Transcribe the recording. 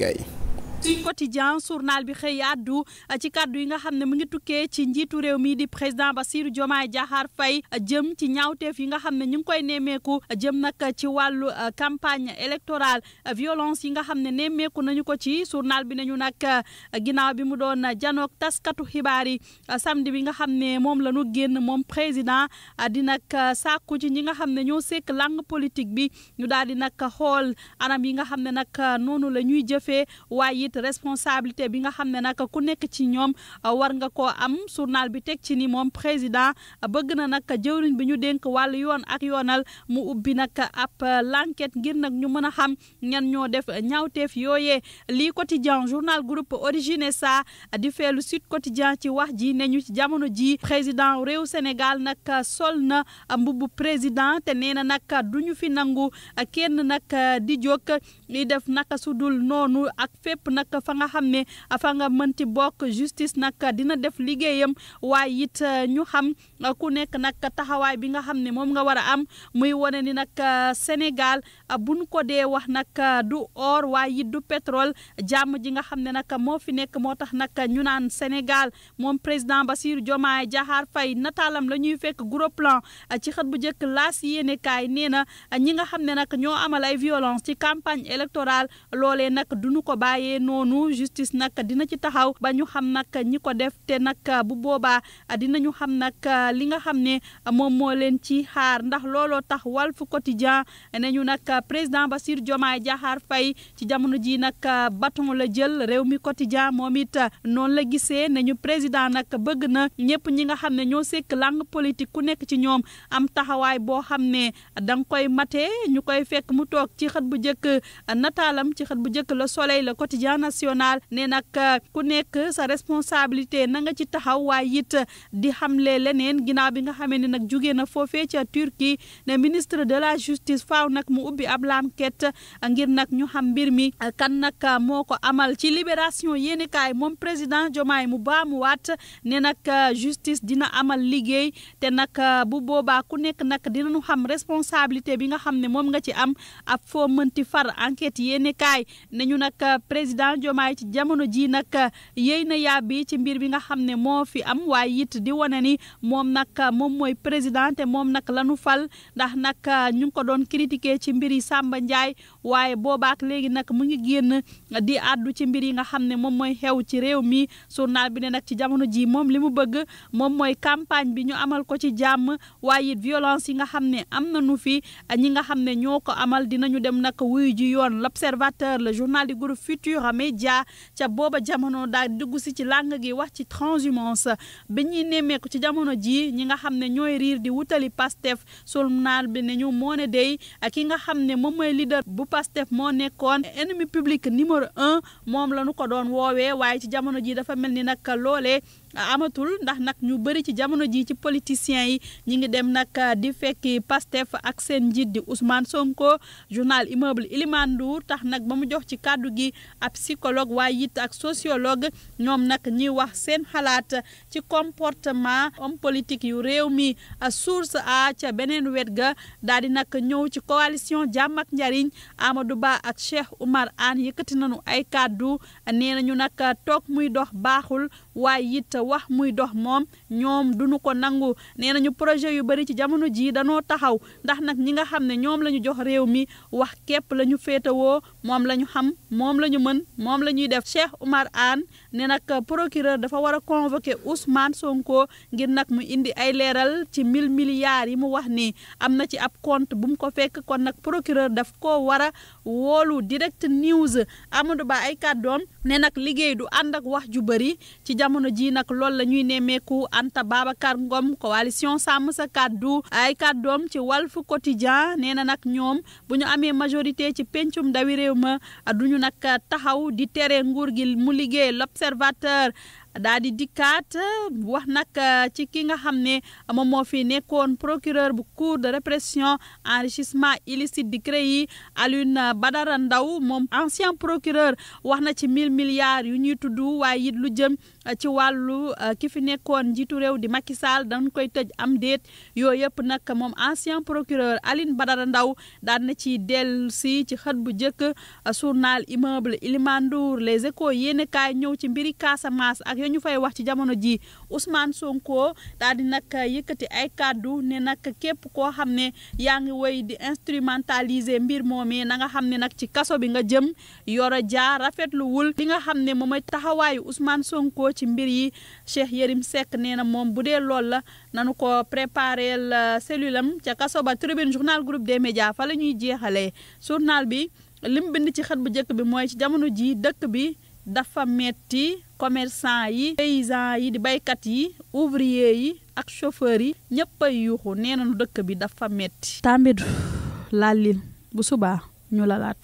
yëglekaay quotidien journal bi xëy àddu ci kàddu yi nga xam ne mu ngi tukkee ci njiitu réew mi di président Bassirou Diomaye Diakhar Faye jëm ci ñaawteef yi nga xam ne ñu ngi koy nemmeeku jëm nag ci wàllu campagne électorale violence yi nga xam ne ne nemmeeku nañu ko ci journal bi nañu nag ginnaaw bi mu doon janoog taskatu xibaar yi samedi bi nga xam ne moom la ñu génn moom président di nag sàkku ci ñi nga xam ne ñoo sekk lang politique bi ñu daal di nag xool anam yi nga xam ne nag noonu la ñuy jëfee tamit responsabilité bi nga xam ne nag ku nekk ci ñoom uh, war nga koo am journal bi teg ci ni moom président uh, bëgg na nag jëwriñ bi ñu dénk wàllu yoon ak yoonal mu ubbi nag ab uh, l'enquête ngir nag ñu mën a xam ñan ñoo def ñaawteef yooyee lii quotidien journal groupe origine sa di feelu sud quotidien ci wax ji ne ñu ci jamono ji président réew Sénégal nag sol na mbubbu président te nee na nag du ñu fi nangu kenn nag di jóg li def naka su dul noonu ak fépp nag fa nga xam ne fa nga mënti bokk justice nag dina def liggéeyam waaye it euh, ñu xam euh, ku nekk nag taxawaay bi nga xam ne moom nga war a am muy wane ni nag euh, bu nu ko dee wax nag du or waaye du petrol jàmm ji nga xam ne nag moo fi nekk moo tax nag ñu naan Sénégal moom président Bassirou Diomaye Diakhar Faye nataalam la ñuy fekk gros plan ci xët bu njëkk laas yéene kaay nee na ñi nga xam ne nag ñoo amal ay violence ci campagne électorale loolee nag duñu ko bàyyee noonu justice nag dina ci taxaw ba ñu xam nag ñi ko def te nag bu boobaa ñu xam nag li nga xam ne moom moo leen ci xaar ndax looloo tax Walf Quotidien nañu nag président ba siir Diomaye Diakhar Faye ci jamono ji nag bâton la jël réew mi quotidien moom it noonu la gisee ñu président nag bëgg na ñëpp ñi nga xam ne ñoo sekk langue politique ku nekk ci ñoom am taxawaay boo xam ne da koy matee ñu koy fekk mu toog ci xët bu njëkk nataalam ci xët bu njëkk le soleil le quotidien national ne nag euh, ku nekk sa responsabilité na nga ci taxaw waaye it euh, di xamle leneen ginnaaw bi nga xamee ne nag jugee na foofee ca Turquie ne ministre de la justice faaw nag mu ubbi ab enquête euh, ngir nag ñu xam mbir mi kan nag moo ko amal ci libération yéeni kaay moom président Diomaye mu baamuwaat ne nag justice dina amal liggéey te nag bu boobaa ku nekk nag dinañu xam responsabilité bi nga xam ne moom nga ci am ab foo mënti far enquête yéeni kaay président Diomaye ci jamono ji nag uh, yéy na yàbbi ci mbir bi nga xam ne moo fi am waaye it di wane ni moom nag uh, moom mooy président te moom nag lanu fal ndax nag uh, ñu ngi ko doon critiquer ci mbir yi Samba Ndiaye waaye boobaak léegi nag mu ngi génn di àddu ci mbir yi nga xam ne moom mooy xew ci réew mi journal bi ne nag ci jamono ji moom li mu bëgg moom mooy campagne bi ñu amal ko ci jàmm waaye it violence yi nga xam ne am na nu fi ñi nga xam ne ñoo ko amal dinañu dem nag wuyu ji yoon l'observateur le journal du groupe Futur Dramé Dia ca booba jamono daal dugg si ci làng gi wax ci transhumance bi ñuy nemmeeku ci jamono ji ñi nga xam ne ñooy riir di wutali su journal bi ne ñu moo ne day ki nga xam ne moom mooy leader bu Pastef moo nekkoon ennemi public numéro un moom la ñu ko doon woowee waaye ci jamono ji dafa mel ni nag loolee amatul ndax nag ñu bëri ci jamono ji ci politiciens yi ñu ngi dem nag ah, di fekki Pastef ak seen njiit di Ousmane Sonko journal immeuble Ilimane tax nag ba mu jox ci kàddu gi ab psychologue waaye yit ak sociologue ñoom nag ñuy wax seen xalaat ci comportement homme politique yu réew mi ah, source a ca beneen wet ga daal di nag ñëw ci coalition jàmm ak njariñ Amadou Ba ak Cheikh Oumar Anne yëkkati nañu ay kàddu ah, nee nañu nag toog muy dox baaxul waaye wax muy dox moom ñoom duñu ko nangu nee nañu projet yu bëri ci jamono jii danoo taxaw ndax nag ñi nga xam ne ñoom la ñu jox réew mi wax képp la ñu féetewoo moom la ñu xam moom la ñu mën moom la ñuy def Cheikh umar Anne ne nag procureur dafa war a convoquer Ousmane Sonko ngir nag mu indi ay leeral ci mille milliards yi mu wax ni am na ci ab compte bu mu ko fekk kon nag procureur daf ko war a woolu direct news Amadou Ba ay kàddoom ne nag liggéey du ànd wax ju bëri nag loolu la ñuy nemmeeku Anta Babacar Ngom coalition sàmm sa kàddu ay kàddoom ci Walf Quotidien nee na nag ñoom bu ñu amee majorité ci pencum ndawi réew ma duñu nag taxaw di tere nguur gi mu liggéey l'observateur daa di dikkaat wax nag euh, ci ki nga xam ne moom moo fi nekkoon procureur bu cour de répression enrichissement illicite di CREI yi Alioune Badara Ndao moom ancien procureur wax na ci mille milliards yu ñuy tudd waaye it lu jëm euh, ci wàllu euh, ki fi nekkoon njiitu réew di Macky Sall dañ koy tëj am déet yooyu yëpp nag moom ancien procureur Alioune Badara ndaw daan na ci dellu si ci xët bu njëkk journal immeuble Ilimandour les échos yéen kaay ñëw ci mbiri Casamance ak ya ñu fay wax ci jamono ji Ousmane Sonko daal di nag yëkkati ay kàddu ne nag képp koo xam ne yaa ngi woy di instrumentaliser mbir moom na nga xam ne nag ci kaso bi nga jëm Yoro Dia rafetluwul li nga xam ne moom a taxawaayu Ousmane Sonko ci mbir yi Cheikh Yérim Seck nee na moom bu dee loolu la nanu ko préparé cellule am ca kaso ba tribune journal group de médias fa la ñuy jeexalee journal bi lim bind ci xët bu njëkk bi mooy ci jamono ji dëkk bi dafa metti commerçant yi paysan yi di baykat yi ouvrier yi ak chauffeur yi ñëpp ay yuuxu nee nañu dëkk bi dafa metti tàmbidu laalin bu subaa ñu lalaat